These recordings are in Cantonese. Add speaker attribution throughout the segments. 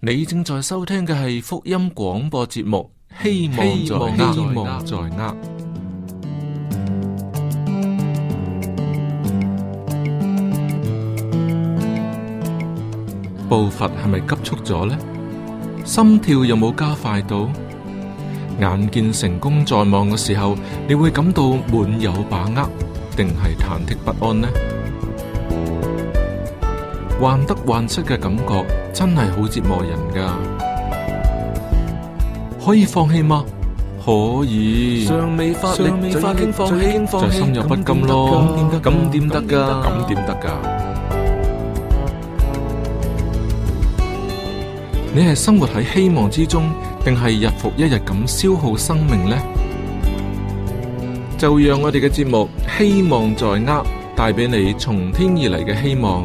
Speaker 1: 你正在收聽嘅係福音廣播節目，希望在希望在握。步伐係咪急促咗呢？心跳有冇加快到？眼見成功在望嘅時候，你會感到滿有把握，定係忐忑不安呢？患得患失嘅感覺。真係好折磨人噶，可以放棄嗎？可以，尚未發力，放棄棄，放棄義，就心有不甘咯樣。咁點得？咁點得噶？咁點得噶？啊、你係生活喺希望之中，定係日復一日咁消耗生命呢？就讓我哋嘅節目《希望在握》，帶俾你從天而嚟嘅希望。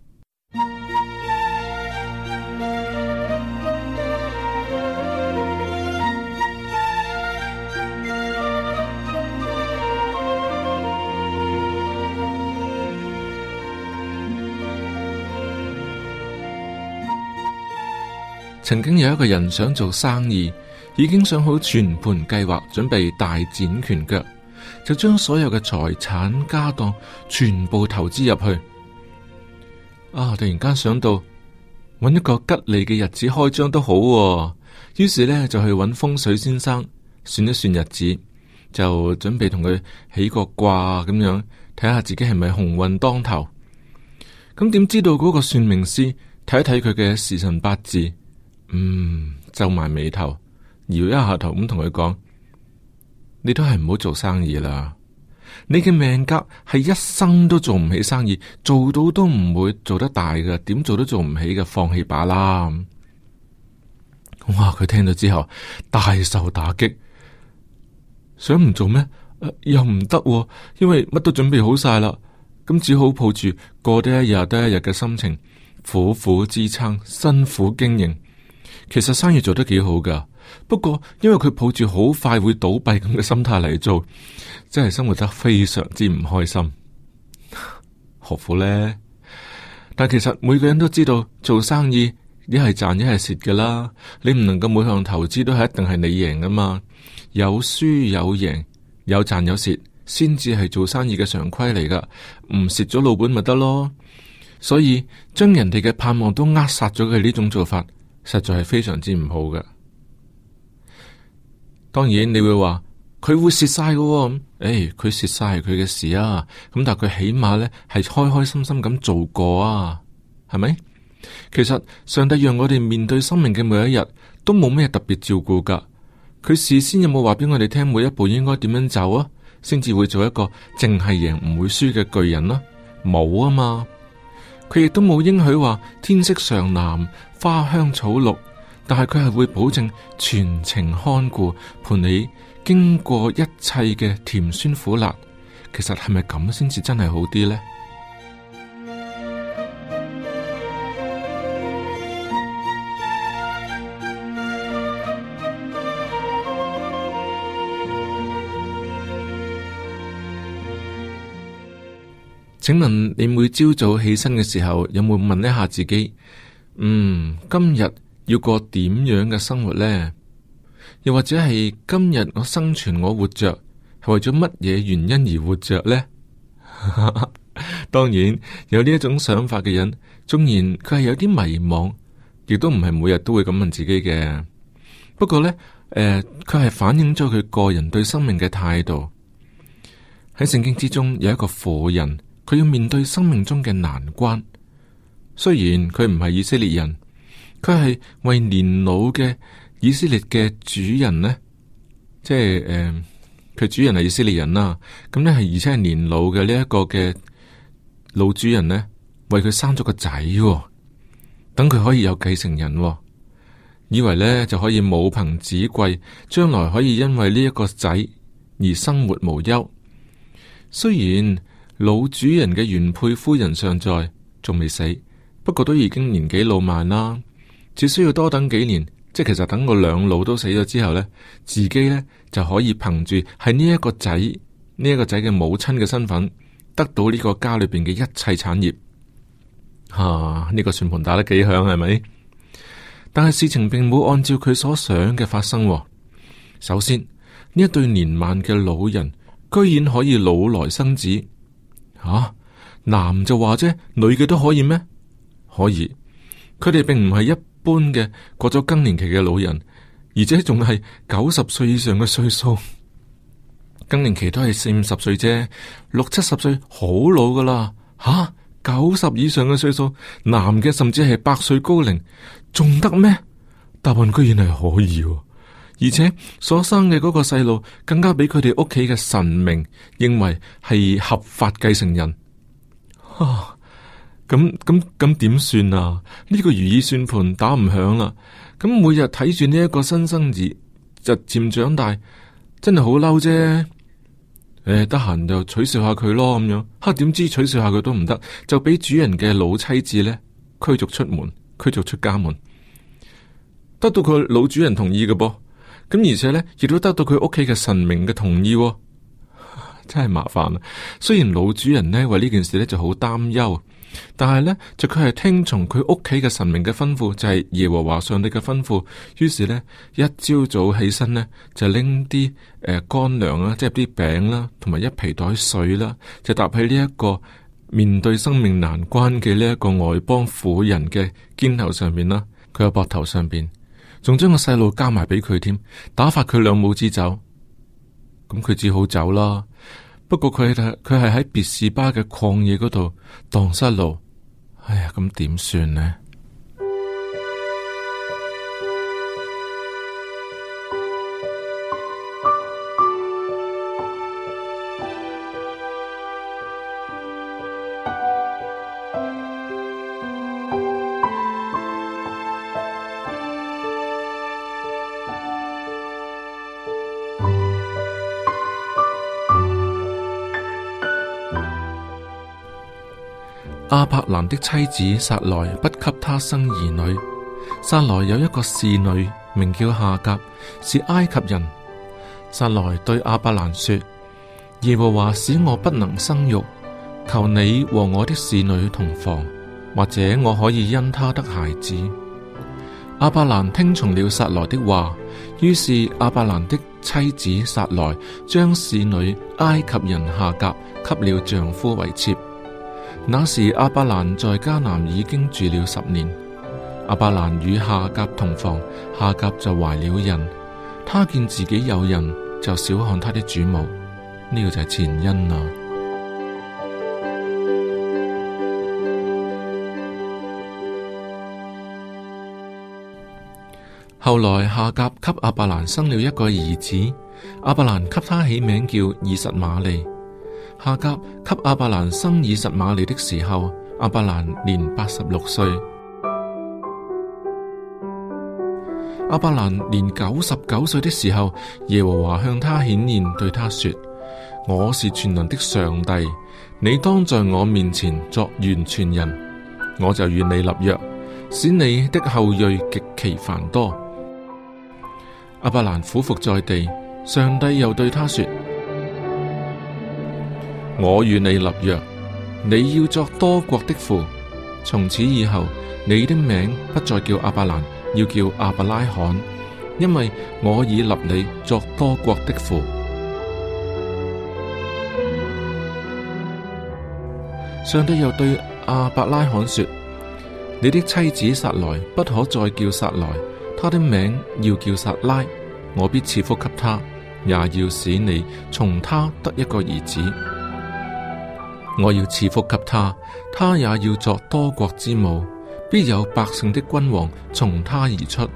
Speaker 1: 曾經有一個人想做生意，已經想好全盤計劃，準備大展拳腳，就將所有嘅財產家當全部投資入去。啊！突然間想到搵一個吉利嘅日子開張都好，啊，於是呢，就去搵風水先生算一算日子，就準備同佢起個卦咁樣睇下自己係咪鴻運當頭。咁、嗯、點知道嗰個算命師睇一睇佢嘅時辰八字，嗯，皺埋眉頭，搖一下頭咁同佢講：你都係唔好做生意啦。你嘅命格係一生都做唔起生意，做到都唔會做得大嘅，點做都做唔起嘅，放棄把啦。哇！佢聽到之後大受打擊，想唔做咩啊？又唔得啊，因為乜都準備好晒啦。咁只好抱住過得一日得一日嘅心情，苦苦支撐，辛苦經營。其實生意做得幾好噶，不過因為佢抱住好快會倒閉咁嘅心態嚟做，真係生活得非常之唔開心， 何苦呢？但其實每個人都知道做生意一係賺一係蝕噶啦，你唔能夠每項投資都係一定係你贏噶嘛，有輸有贏，有賺有蝕，先至係做生意嘅常規嚟噶，唔蝕咗老本咪得咯。所以將人哋嘅盼望都扼殺咗佢呢種做法。實在係非常之唔好嘅。當然你會話佢會蝕晒嘅，咁、哎、誒，佢蝕晒係佢嘅事啊。咁但係佢起碼咧係開開心心咁做過啊，係咪？其實上帝讓我哋面對生命嘅每一日都冇咩特別照顧噶。佢事先有冇話俾我哋聽每一步應該點樣走啊？先至會做一個淨係贏唔會輸嘅巨人啦、啊。冇啊嘛，佢亦都冇應許話天色尚藍。花香草綠，但係佢係會保證全程看顧，陪你經過一切嘅甜酸苦辣。其實係咪咁先至真係好啲呢？請問你每朝早起身嘅時候，有冇問一下自己？嗯，今日要過點樣嘅生活呢？又或者係今日我生存，我活着係為咗乜嘢原因而活着呢？ 當然有呢一種想法嘅人，縱然佢係有啲迷茫，亦都唔係每日都會咁問自己嘅。不過呢，誒、呃，佢係反映咗佢個人對生命嘅態度。喺聖經之中有一個婦人，佢要面對生命中嘅難關。雖然佢唔係以色列人，佢係為年老嘅以色列嘅主人呢，即係誒，佢、呃、主人係以色列人啦。咁呢係，而且係年老嘅呢一個嘅老主人呢，為佢生咗個仔，等佢可以有繼承人，以為呢就可以母憑子貴，將來可以因為呢一個仔而生活無憂。雖然老主人嘅原配夫人尚在，仲未死。不過都已經年紀老邁啦，只需要多等幾年，即係其實等個兩老都死咗之後呢，自己呢就可以憑住喺呢一個仔，呢一個仔嘅母親嘅身份，得到呢個家裏邊嘅一切產業。吓，呢個算盤打得幾響係咪？但係事情並冇按照佢所想嘅發生喎。首先呢一對年邁嘅老人居然可以老來生子，吓，男就話啫，女嘅都可以咩？可以，佢哋並唔係一般嘅過咗更年期嘅老人，而且仲係九十歲以上嘅歲數。 更年期都係四五十歲啫，六七十歲好老噶啦。吓、啊，九十以上嘅歲數，男嘅甚至係百歲高齡，仲得咩？答案居然係可以，啊，而且所生嘅嗰個細路，更加俾佢哋屋企嘅神明認為係合法繼承人。啊！咁咁咁點算啊？呢個如意算盤打唔響啦！咁每日睇住呢一個新生兒日漸長大，真係好嬲啫！誒、欸，得閒就取笑下佢咯，咁樣吓啊、點知取笑下佢都唔得，就俾主人嘅老妻子咧驅逐出門，驅逐出家門，得到佢老主人同意嘅噃。咁而且咧亦都得到佢屋企嘅神明嘅同意，真係麻煩啊。雖然老主人呢，為呢件事咧就好擔憂。但係呢，就佢係聽從佢屋企嘅神明嘅吩咐，就係、是、耶和華上帝嘅吩咐。於是呢，一朝早起身呢，就拎啲誒乾糧啦，即係啲餅啦，同埋一皮袋水啦、啊，就搭喺呢一個面對生命難關嘅呢一個外邦婦人嘅肩頭上面啦、啊，佢個膊頭上邊，仲將個細路加埋俾佢添，打發佢兩母子走。咁佢只好走啦。不過佢佢係喺別士巴嘅曠野嗰度蕩失路，哎呀，咁點算呢？亞伯蘭的妻子撒萊不給他生兒女。撒萊有一個侍女名叫夏甲，是埃及人。撒萊對亞伯蘭說：耶和華使我不能生育，求你和我的侍女同房，或者我可以因她得孩子。亞伯蘭聽從了撒萊的話，於是亞伯蘭的妻子撒萊將侍女埃及人夏甲給了丈夫為妾。那時阿伯蘭在迦南已經住了十年。阿伯蘭與夏甲同房，夏甲就懷了孕。他見自己有人，就小看他的主母。呢、這個就係前因啦。後來夏甲給阿伯蘭生了一個兒子，阿伯蘭給他起名叫以實瑪利。夏甲給阿伯蘭生以實瑪利的時候，阿伯蘭年八十六歲。阿伯蘭年九十九歲的時候，耶和華向他顯現，對他說：我是全能的上帝，你當在我面前作完全人，我就與你立約，使你的後裔極其繁多。阿伯蘭俯伏在地，上帝又對他說。我與你立約，你要作多國的父。從此以後，你的名不再叫亞伯蘭，要叫亞伯拉罕，因為我已立你作多國的父。上帝又對亞伯拉罕說：你的妻子撒萊不可再叫撒萊，她的名要叫撒拉。我必賜福給她，也要使你從她得一個兒子。我要賜福給他，他也要作多國之母，必有百姓的君王從他而出。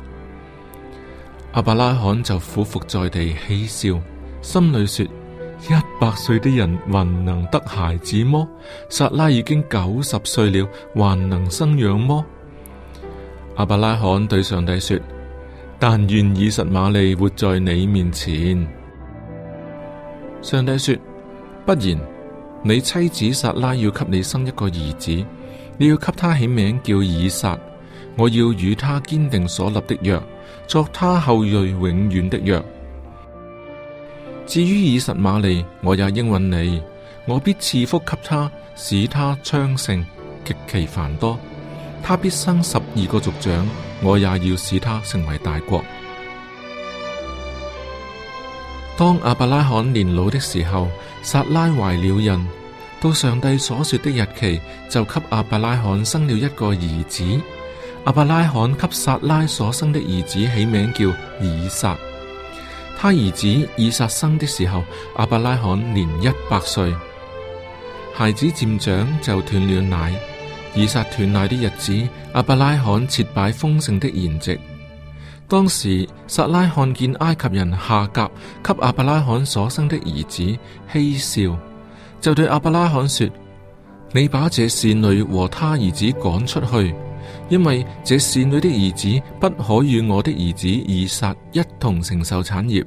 Speaker 1: 亞伯拉罕就俯伏在地喜笑，心裏說：一百歲的人還能得孩子麼？撒拉已經九十歲了，還能生養麼？亞伯拉罕對上帝說：但願以實瑪利活在你面前。上帝說：不然。你妻子撒拉要給你生一個兒子，你要給他起名叫以撒。我要與他堅定所立的約，作他後裔永遠的約。至於以實瑪利，我也應允你，我必賜福給他，使他昌盛，極其繁多。他必生十二個族長，我也要使他成為大國。當亞伯拉罕年老的時候，撒拉懷了孕。到上帝所說的日期，就給亞伯拉罕生了一個兒子。亞伯拉罕給撒拉所生的兒子起名叫以撒。他兒子以撒生的時候，亞伯拉罕年一百歲。孩子漸長就斷了奶。以撒斷奶的日子，亞伯拉罕設擺豐盛的筵席。當時撒拉看見埃及人夏甲給亞伯拉罕所生的兒子嬉笑，就對亞伯拉罕說：你把這侍女和她兒子趕出去，因為這侍女的兒子不可與我的兒子以撒一同承受產業。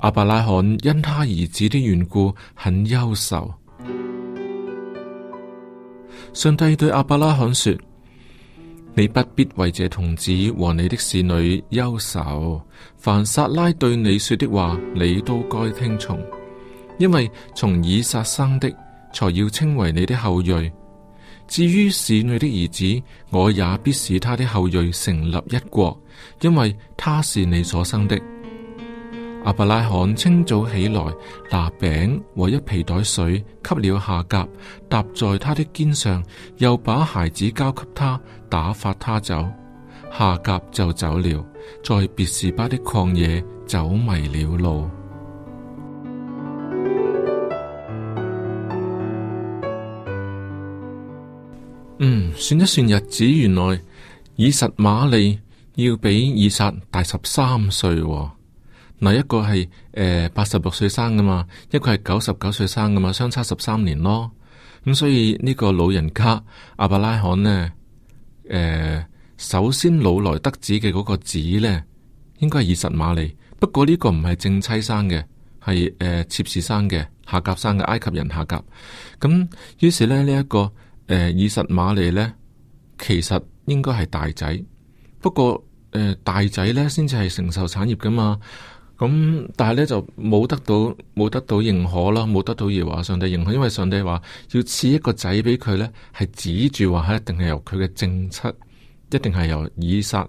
Speaker 1: 亞伯拉罕因他兒子的緣故很憂愁。上帝對亞伯拉罕說。你不必為這童子和你的侍女憂愁，凡撒拉對你說的話，你都該聽從，因為從以撒生的，才要稱為你的後裔。至於侍女的兒子，我也必使他的後裔成立一國，因為他是你所生的。阿伯拉罕清早起來，拿餅和一皮袋水，給了夏甲，搭在他的肩上，又把孩子交給他，打發他走。夏甲就走了，在別士巴的曠野走迷了路。嗯，算一算日子，原來以實瑪利要比以撒大十三歲，哦。嗱一個係誒八十六歲生噶嘛，一個係九十九歲生噶嘛，相差十三年咯。咁所以呢個老人家亞伯拉罕呢，誒、呃、首先老來得子嘅嗰個子呢，應該係以實瑪利。不過呢個唔係正妻生嘅，係誒、呃、妾侍生嘅夏甲生嘅埃及人夏甲。咁於是呢，呢、這、一個誒、呃、以實瑪利呢，其實應該係大仔。不過誒、呃、大仔呢，先至係承受產業噶嘛。咁但係咧就冇得到冇得到認可啦，冇得到耶和華上帝認可，因為上帝話要賜一個仔俾佢咧，係指住話係一定係由佢嘅正妻，一定係由以撒誒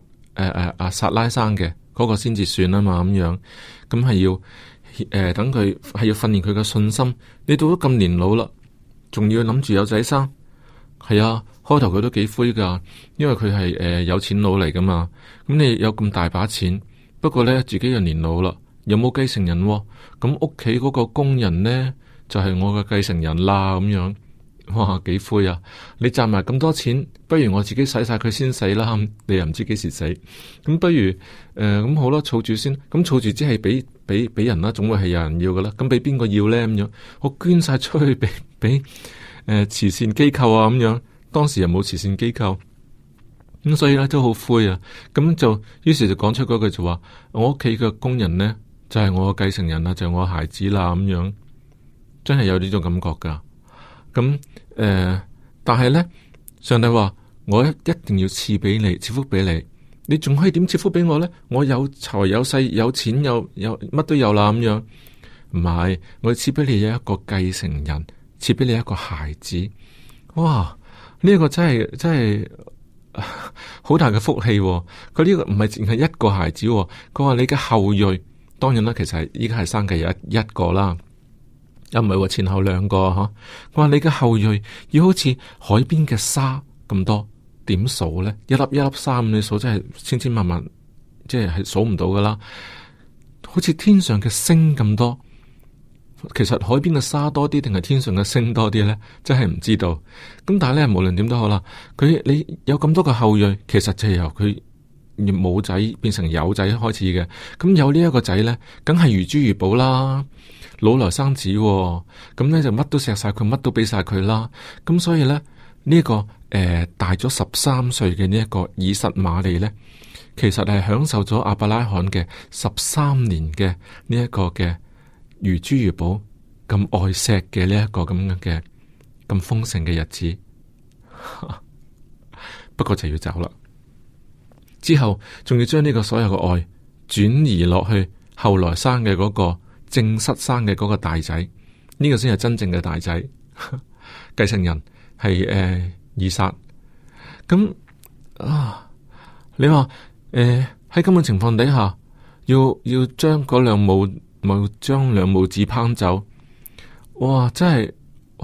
Speaker 1: 誒阿撒拉生嘅嗰、那個先至算啊嘛咁樣，咁係要誒、呃、等佢係要訓練佢嘅信心。你到咗咁年老啦，仲要諗住有仔生，係啊，開頭佢都幾灰噶，因為佢係誒有錢佬嚟噶嘛，咁你有咁大把錢。不過咧，自己又年老啦，有冇繼承人哦？咁屋企嗰個工人咧，就係、是、我嘅繼承人啦，咁樣，哇，幾灰啊！你賺埋咁多錢，不如我自己使晒佢先死啦。你又唔知幾時死，咁不如，誒、呃、咁、嗯、好咯，儲住先。咁、嗯、儲住只係俾俾俾人啦，總會係有人要噶啦。咁俾邊個要咧咁樣？我捐晒出去俾俾誒慈善機構啊咁樣。當時又冇慈善機構。咁、嗯、所以咧都好灰啊！咁就於是就講出嗰句就話：我屋企嘅工人呢，就係、是、我嘅繼承人啦，就是、我孩子啦咁樣，真係有呢種感覺噶。咁誒、呃，但係呢，上帝話我一一定要賜俾你賜福俾你，你仲可以點賜福俾我呢？我有財有勢有錢有有乜都有啦咁樣，唔係，我賜俾你有一個繼承人，賜俾你一個孩子。哇！呢、這、一個真係真係。好 大嘅福氣、哦，佢呢個唔係淨係一個孩子、哦，佢話你嘅後裔，當然啦，其實係依家係生嘅有一一個啦，又唔係話前後兩個吓。佢、啊、話你嘅後裔要好似海邊嘅沙咁多，點數咧？一粒一粒沙咁你數，真係千千萬萬，即係係數唔到噶啦，好似天上嘅星咁多。其實海邊嘅沙多啲，定係天上嘅星多啲呢？真係唔知道。咁但係咧，無論點都好啦，佢你有咁多個後裔，其實就係由佢冇仔變成有仔開始嘅。咁有呢一個仔呢，梗係如珠如寶啦。老來生子，哦，咁呢，就乜都錫晒佢，乜都俾晒佢啦。咁所以呢，呢、這、一個誒、呃、大咗十三歲嘅呢一個以實瑪利呢，其實係享受咗阿伯拉罕嘅十三年嘅呢一個嘅。如珠如寶咁愛錫嘅呢一個咁嘅咁豐盛嘅日子， 不過就要走啦。之後仲要將呢個所有嘅愛轉移落去後來生嘅嗰、嗰個正室生嘅嗰個大仔，呢、呢個先係真正嘅大仔繼 承人，係誒二殺。咁、呃、啊，你話誒喺咁嘅情況底下，要要將嗰兩母？冇將兩母子烹走，哇！真係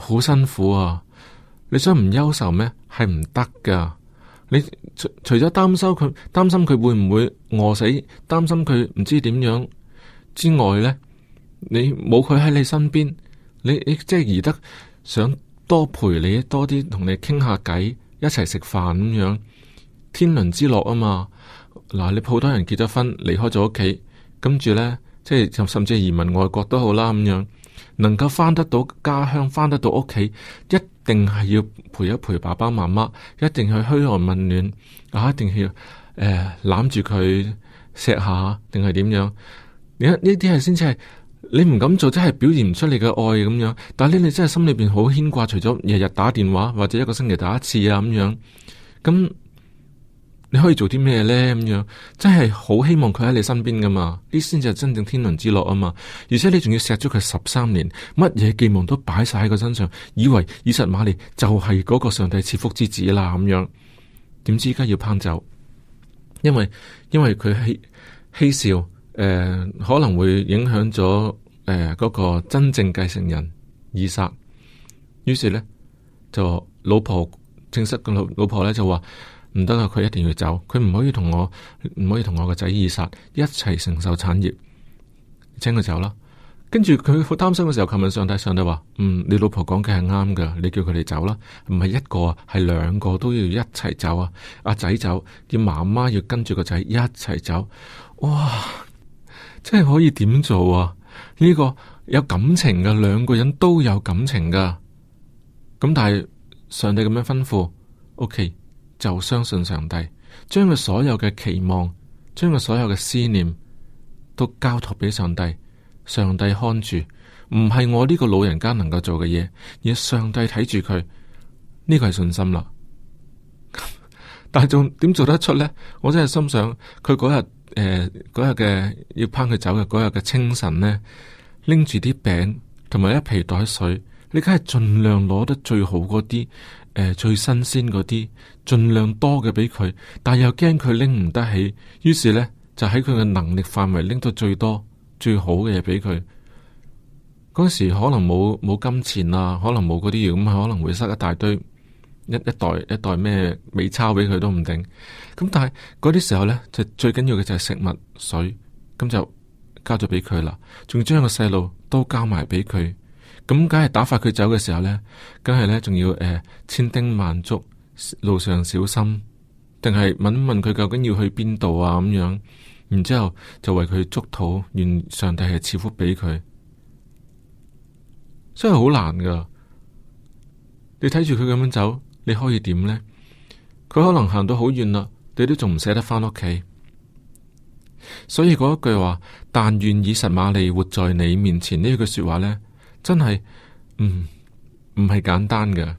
Speaker 1: 好辛苦啊！你想唔憂愁咩？係唔得噶！你除除咗擔心佢，擔心佢會唔會餓死，擔心佢唔知點樣之外呢，你冇佢喺你身邊，你你即係而得想多陪你多啲，同你傾下偈，一齊食飯咁樣，天倫之樂啊嘛！嗱，你普通人結咗婚，離開咗屋企，跟住呢。即係甚至移民外國都好啦，咁樣能夠返得到家鄉，返得到屋企，一定係要陪一陪爸爸媽媽，一定係噓寒問暖，啊，一定要誒攬住佢錫下，定係點樣？你呢啲係先至係你唔敢做，真係表現唔出你嘅愛咁樣。但係咧，你真係心裏邊好牽掛，除咗日日打電話或者一個星期打一次啊，咁樣咁。你可以做啲咩呢？咁樣真係好希望佢喺你身邊噶嘛？呢先至係真正天倫之樂啊嘛！而且你仲要錫咗佢十三年，乜嘢寄望都擺晒喺佢身上，以為以實瑪利就係嗰個上帝賜福之子啦咁樣。點知而家要攀走？因為因為佢嬉嬉笑，誒、呃，可能會影響咗誒嗰個真正繼承人以撒。於是呢，就老婆正室個老老婆呢，就話。唔得啦！佢一定要走，佢唔可以同我唔可以同我個仔以撒一齊承受產業，請佢走啦。跟住佢好擔心嘅時候，求問上帝，上帝話：嗯，你老婆講嘅係啱噶，你叫佢哋走啦。唔係一個，係兩個都要一齊走啊！阿仔走，叫媽媽要跟住個仔一齊走。哇，真係可以點做啊？呢個有感情嘅兩個人都有感情噶，咁但係上帝咁樣吩咐，OK。就相信上帝，將佢所有嘅期望，將佢所有嘅思念，都交託俾上帝。上帝看住，唔係我呢個老人家能夠做嘅嘢，而係上帝睇住佢，呢、呢個係信心啦。 但係做點做得出呢？我真係心想，佢嗰日誒，日、呃、嘅要拋佢走嘅嗰日嘅清晨呢，拎住啲餅同埋一皮袋水，你梗係盡量攞得最好嗰啲。誒，最新鮮嗰啲，盡量多嘅俾佢，但係又驚佢拎唔得起，於是呢，就喺佢嘅能力範圍拎到最多最好嘅嘢俾佢。嗰時可能冇冇金錢啊，可能冇嗰啲嘢，咁可能會塞一大堆，一一袋一袋咩美鈔俾佢都唔定。咁但係嗰啲時候呢，就最緊要嘅就係食物、水，咁就交咗俾佢啦，仲將個細路都交埋俾佢。咁梗係打發佢走嘅時候呢，梗係呢，仲要誒千叮萬囑路上小心，定係問一問佢究竟要去邊度啊咁樣，然之後就為佢祝禱，願上帝係賜福俾佢。真係好難噶，你睇住佢咁樣走，你可以點呢？佢可能行到好遠啦，你都仲唔捨得翻屋企，所以嗰一句話：但願以實瑪利活在你面前呢句說話呢。真係，嗯唔係簡單嘅，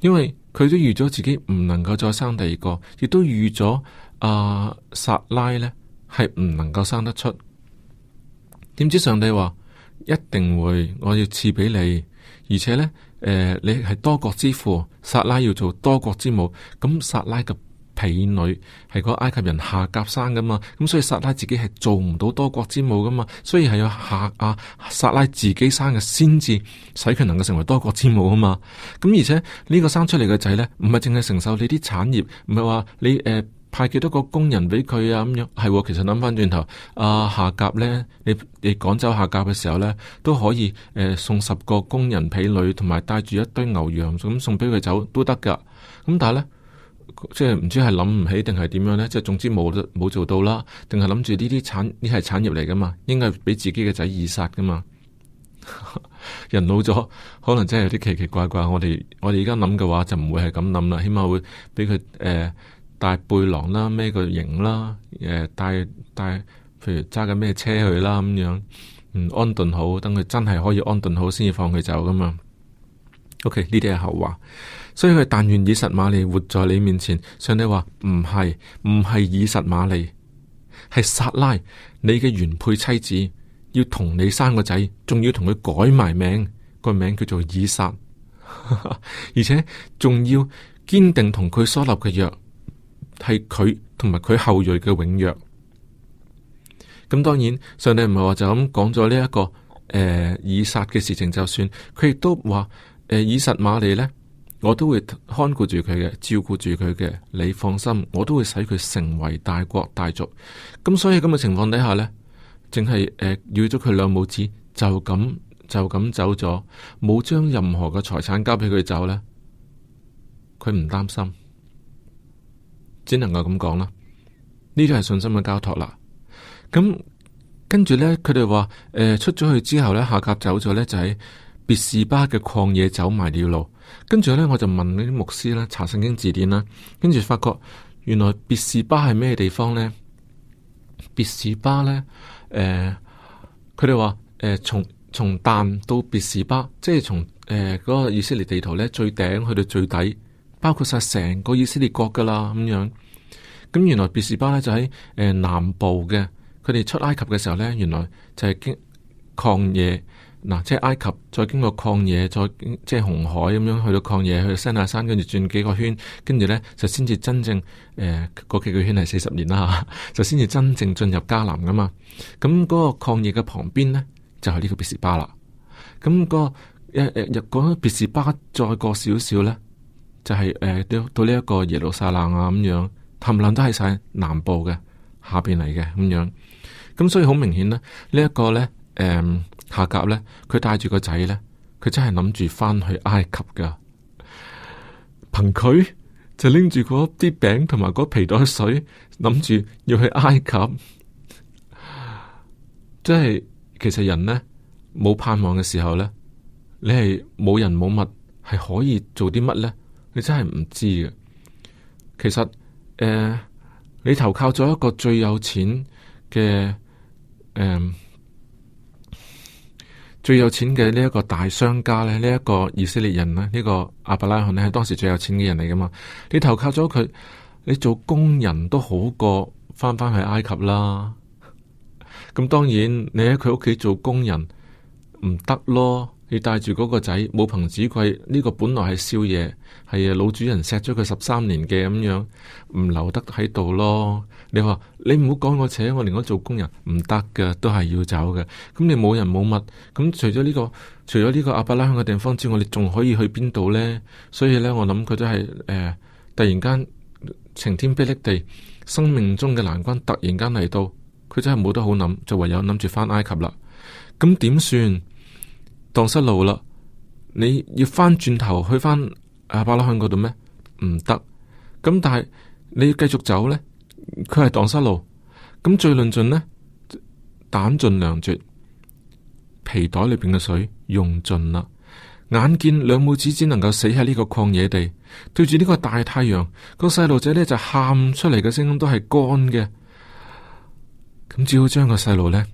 Speaker 1: 因為佢都預咗自己唔能夠再生第二個，亦都預咗阿撒拉咧係唔能夠生得出。點知上帝話一定會，我要賜俾你，而且呢，誒、呃，你係多國之父，撒拉要做多國之母，咁撒拉嘅。婢女係個埃及人下甲生噶嘛，咁所以撒拉自己係做唔到多國之母噶嘛，所以係要下阿撒、啊、拉自己生嘅先至使佢能夠成為多國之母啊嘛。咁而且呢、這個生出嚟嘅仔呢，唔係淨係承受你啲產業，唔係話你誒、呃、派幾多個工人俾佢啊咁樣，係、嗯、其實諗翻轉頭，阿、呃、下甲呢，你你趕走下甲嘅時候呢，都可以誒、呃、送十個工人婢女同埋帶住一堆牛羊咁送俾佢走都得噶。咁但係呢。即係唔知係諗唔起定係點樣呢？即係總之冇冇做到啦，定係諗住呢啲產呢係產業嚟噶嘛？應該俾自己嘅仔二殺噶嘛？ 人老咗可能真係有啲奇奇怪怪。我哋我哋而家諗嘅話就唔會係咁諗啦，起碼會俾佢、誒帶背囊啦，孭個型啦，誒帶帶譬如揸緊咩車去啦咁樣，嗯，安頓好，等佢真係可以安頓好先至放佢走噶嘛。O.K. 呢啲係後話，所以佢但願以實瑪利活在你面前。上帝話唔係，唔係以實瑪利，係撒拉你嘅原配妻子，要同你生個仔，仲要同佢改埋名，個名叫做以撒， 而且仲要堅定同佢所立嘅約，係佢同埋佢後裔嘅永約。咁當然，上帝唔係話就咁講咗呢一個誒、呃、以撒嘅事情就算，佢亦都話。以實瑪利呢，我都會看顧住佢嘅，照顧住佢嘅，你放心，我都會使佢成為大國大族。咁所以咁嘅情況底下呢，淨係誒，搖咗佢兩母子，就咁就咁走咗，冇將任何嘅財產交俾佢走呢，佢唔擔心，只能夠咁講啦。呢啲係信心嘅交託啦。咁跟住呢，佢哋話誒，出咗去之後呢，夏甲走咗呢，就喺、是。別士巴嘅曠野走埋了路，跟住呢，我就問呢啲牧師咧查聖經字典啦，跟住發覺原來別士巴係咩地方呢？別士巴呢，佢哋話誒，從從但到別士巴，即係從誒嗰個以色列地圖咧最頂去到最底，包括晒成個以色列國噶啦咁樣。咁原來別士巴呢，就喺誒、呃、南部嘅，佢哋出埃及嘅時候呢，原來就係經曠野。嗱，即係埃及再經過曠野，再經即係紅海咁樣去到曠野，去到西乃山，跟住轉幾個圈，跟住咧就先至真正誒，嗰、呃、幾個圈係四十年啦吓， 就先至真正進入迦南噶嘛。咁、嗯、嗰、那個曠野嘅旁邊咧就係、是、呢個別士巴啦。咁、嗯、嗰、那個誒誒，入、呃、嗰、那個別士巴再過少少咧，就係、是、誒、呃、到到呢一個耶路撒冷啊，咁樣，冚唪唥都係晒南部嘅下邊嚟嘅咁樣。咁、嗯、所以好明顯咧，這個、呢一個咧誒。嗯下甲咧，佢帶住個仔咧，佢真係諗住翻去埃及噶。憑佢就拎住嗰啲餅同埋嗰皮袋水，諗住要去埃及。即 係其實人咧冇盼望嘅時候咧，你係冇人冇物，係可以做啲乜咧？你真係唔知嘅。其實誒、呃，你投靠咗一個最有錢嘅誒。呃最有錢嘅呢一個大商家咧，呢、這、一個以色列人咧，呢、這個亞伯拉罕咧，係當時最有錢嘅人嚟噶嘛。你投靠咗佢，你做工人都好過翻返去埃及啦。咁當然，你喺佢屋企做工人唔得咯。你帶住嗰個仔，冇憑子貴呢、這個本來係少爺，係啊，老主人錫咗佢十三年嘅咁樣，唔留得喺度咯。你話你唔好趕我扯我，連我做工人唔得嘅，都係要走嘅。咁你冇人冇物，咁除咗呢、這個，除咗呢個阿伯拉罕嘅地方之外，你仲可以去邊度呢？所以呢，我諗佢都係誒、呃，突然間晴天霹靂地，生命中嘅難關突然間嚟到，佢真係冇得好諗，就唯有諗住返埃及啦。咁點算？蕩失路啦，你要翻轉頭去翻亞伯拉罕嗰度咩？唔得，咁但係你要繼續走咧，佢係蕩失路，咁最論盡呢，膽盡糧絕，皮袋裏邊嘅水用盡啦，眼見兩母子只能夠死喺呢個曠野地，對住呢個大太陽，個細路仔咧就喊出嚟嘅聲音都係乾嘅，咁只好將個細路咧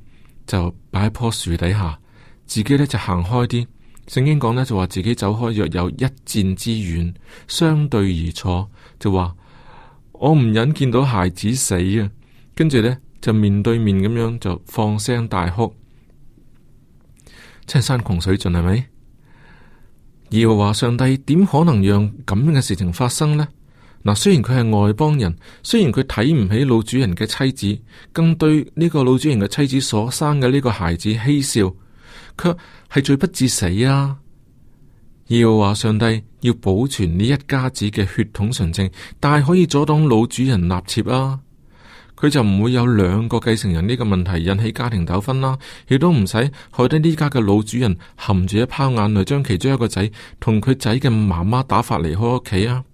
Speaker 1: 就擺喺棵樹底下。自己呢就行開啲。聖經講呢，就話自己走開，約有一箭之遠，相對而坐，就話我唔忍見到孩子死啊。跟住呢，就面對面咁樣就放聲大哭，真係山窮水盡係咪？而話「上帝點可能讓咁樣嘅事情發生呢？」嗱，雖然佢係外邦人，雖然佢睇唔起老主人嘅妻子，更對呢個老主人嘅妻子所生嘅呢個孩子嬉笑。卻係罪不至死啊！要話上帝要保存呢一家子嘅血統純正，但係可以阻擋老主人納妾啊！佢就唔會有兩個繼承人呢個問題引起家庭糾紛啦、啊，亦都唔使害得呢家嘅老主人含住一泡眼淚，將其中一個仔同佢仔嘅媽媽打發離開屋企啊！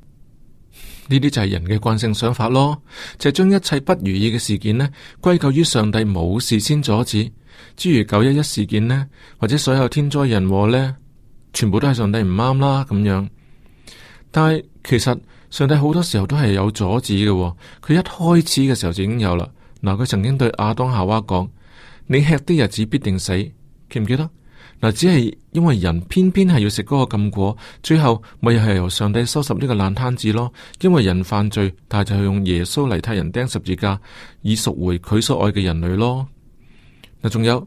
Speaker 1: 呢啲就係人嘅慣性想法咯，就係、是、將一切不如意嘅事件呢，歸咎於上帝冇事先阻止。諸如九一一事件呢，或者所有天災人禍呢，全部都係上帝唔啱啦咁樣。但係其實上帝好多時候都係有阻止嘅，哦，佢一開始嘅時候就已經有啦。嗱，佢曾經對亞當夏娃講：你吃的日子必定死，記唔記得？嗱，只係因為人偏偏係要食嗰個禁果，最後咪又係由上帝收拾呢個爛攤子咯。因為人犯罪，但係就係用耶穌嚟替人釘十字架，以贖回佢所愛嘅人類咯。仲有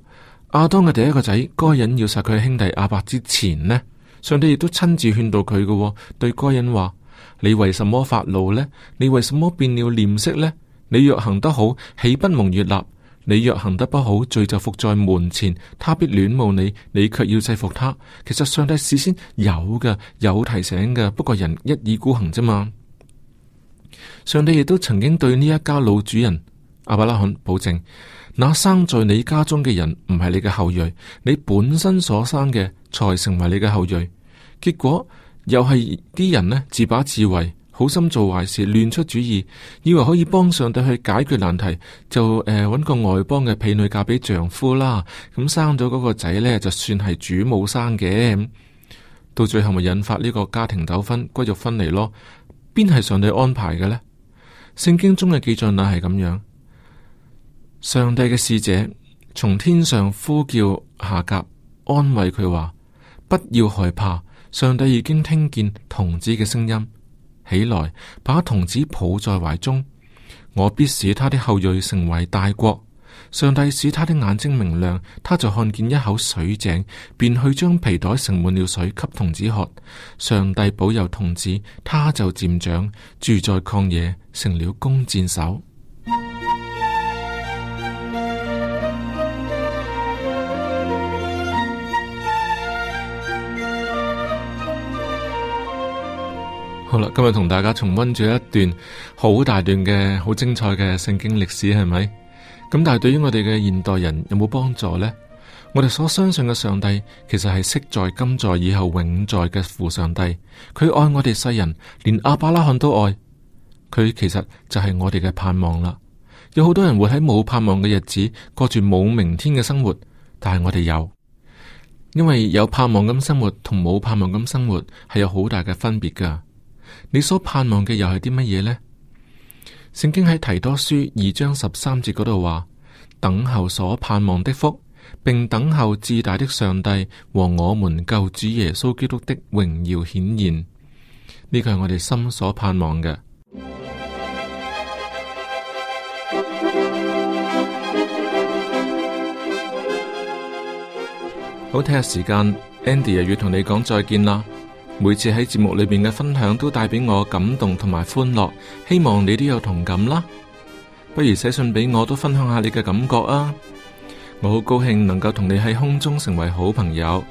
Speaker 1: 亞當嘅第一個仔該隱要殺佢兄弟亞伯之前呢？上帝亦都親自勸導佢嘅、哦，對該隱話：你為什麼發怒呢？你為什麼變了臉色呢？你若行得好，豈不蒙悅納；你若行得不好，罪就伏在門前，他必戀慕你，你卻要制服他。其實上帝事先有嘅，有提醒嘅，不過人一意孤行啫嘛。上帝亦都曾經對呢一家老主人亞伯拉罕保證。那生在你家中嘅人唔係你嘅後裔，你本身所生嘅才成為你嘅後裔。結果又係啲人呢自把自為，好心做壞事，亂出主意，以為可以幫上帝去解決難題，就誒搵、呃、個外邦嘅婢女嫁俾丈夫啦。咁、嗯、生咗嗰個仔咧，就算係主母生嘅、嗯，到最後咪引發呢個家庭糾紛、骨肉分離咯。邊係上帝安排嘅咧？聖經中嘅記載乃係咁樣。上帝嘅使者從天上呼叫夏甲，安慰佢話：不要害怕，上帝已經聽見童子嘅聲音，起來把童子抱在懷中。我必使他的後裔成為大國。上帝使他的眼睛明亮，他就看見一口水井，便去將皮袋盛滿了水給童子喝。上帝保佑童子，他就漸長，住在曠野，成了弓箭手。好啦，今日同大家重溫住一段好大段嘅好精彩嘅聖經歷史，係咪？咁但係對於我哋嘅現代人有冇幫助呢？我哋所相信嘅上帝其實係昔在、今在、以後永在嘅父上帝。佢愛我哋世人，連亞伯拉罕都愛。佢其實就係我哋嘅盼望啦。有好多人活喺冇盼望嘅日子，過住冇明天嘅生活，但係我哋有，因為有盼望咁生活同冇盼望咁生活係有好大嘅分別噶。你所盼望嘅又係啲乜嘢呢？聖經喺提多書二章十三節嗰度話，等候所盼望的福，並等候至大的上帝和我們救主耶穌基督的榮耀顯現。呢個係我哋心所盼望嘅。 好，睇下時間，Andy 又要同你講再見啦。每次喺節目裏邊嘅分享都帶俾我感動同埋歡樂，希望你都有同感啦。不如寫信俾我，都分享下你嘅感覺啊！我好高興能夠同你喺空中成為好朋友。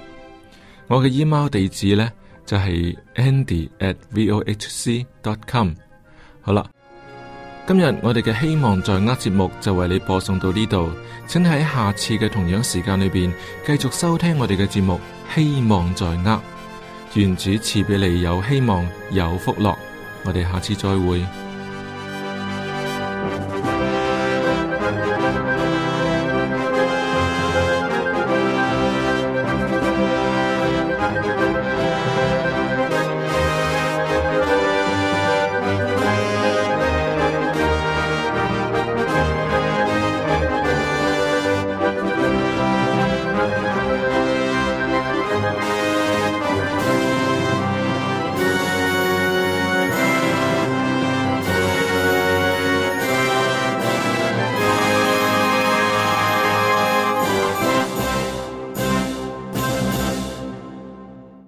Speaker 1: 我嘅 email 地址呢，就係、是、Andy at vohc.com。好啦，今日我哋嘅希望在握節目就為你播送到呢度，請喺下次嘅同樣時間裏邊繼續收聽我哋嘅節目。希望在握。願主賜畀你有希望、有福樂，我哋下次再會。